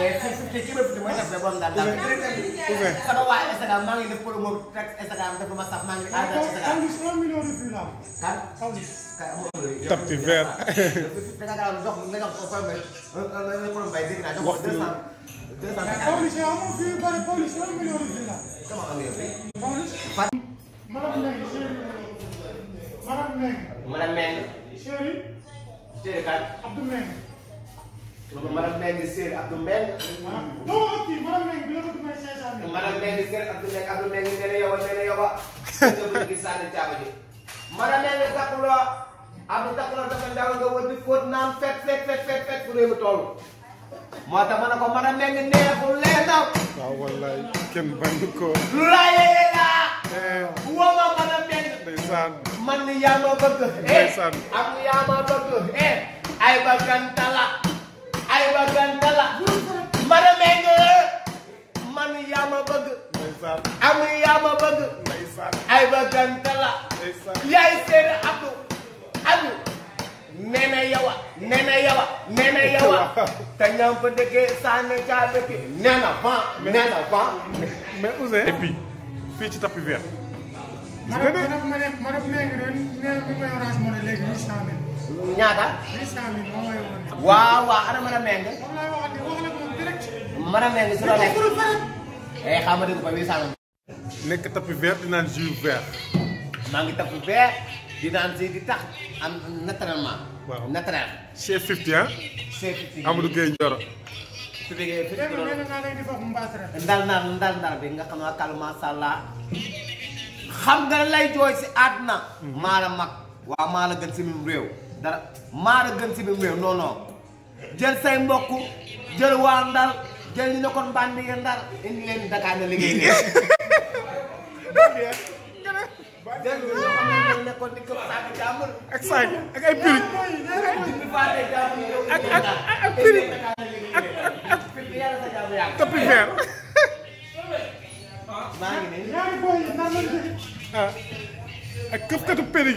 te kii ba tudd mooy def bon daal daal. sama waa Instagram maa ngi def promo rek Instagram def ma sax maa ngi. ah tapis vert. da nga daan dox nga dox problème bay. problème bay dégg naa dox deux cent. deux cent mais police amul fii maanaam Mbengue Seye Abdou Mbengue. ah non kii maanaam Mbengue bi la ko dugal 500000. maanaam Mbengue Seye Abdou Mbengue Abdou Mbengue nee na yow nee na yow ah. déglu gi Sadio Thiaba ji. maanaam Mbengue takkuloo Abdou takkuloo dafa ndaw nga wër di fóot naan fet fet fet fet fet fu réew mi toll. moo tax ma ne ko maanaam Mbengue neexul leen aw. waaw wallaay kenn bañu ko. lu laayee laa. woo ma maanaam Mbengue. ndeysaan. man ni yaa ma bëgg. ndeysaan eh am yaa ma bëgg eh ay ba gantala. ayba gantala mara meng man yaa ma bëgg am yaa ma bëgg ayba gantala yaay seere abdu abdu nene yawa nene yawa nene yawa te ñam fa dëkkee sànni caa dëkk nena fan nena fan mais Ouzin et puis fii ci tapis vert manap manap manap léegi ren nee bi may orange money léegi huit cent mille. ñaata. huit cent mille moo may woon. waaw waaw ana mën a meng. eh xam nga dégg ko huit cent mille. nekk tapis vert dinaan jus vert. maa di tax am naturellement. waaw naturel. chef fifty ah. chef fifty Amadou Gueye Ndioro. su fekkee su fekkee ndal ndal ndal ndal bi nga xam ne kàllu xam nga lay joy si adna mala mak wa mala gën ci mim rew dara mala gën ci mim rew non non jël say mbokk jël wa ndal jël ni ne bandi ya ndar indi len Dakar na ngi ne ñaari booy yi nan lañ def ah ak këfkatu xale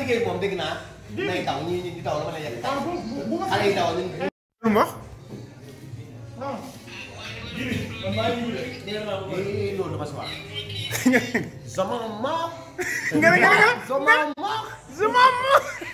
jigéen moom dégg naa. nay taw ñii ñi la ma lay yegg zaman maax. zaman maax. zaman maax.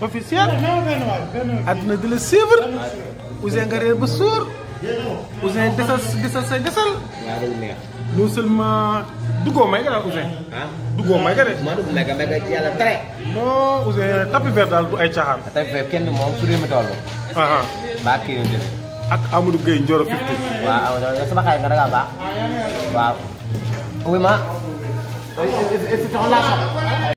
officiel àdduna di la suivre Ouzin ba suur Ouzin desal desal say desal non seulement duggoo may nga daal ah? duggoo may nga de mega mega yàlla daal du ay caaxaan tapis vert kenn moom su mi toll baa kii la jël ak Amadou Gueye Ndioro fifty nga da ngaa baax waaw oui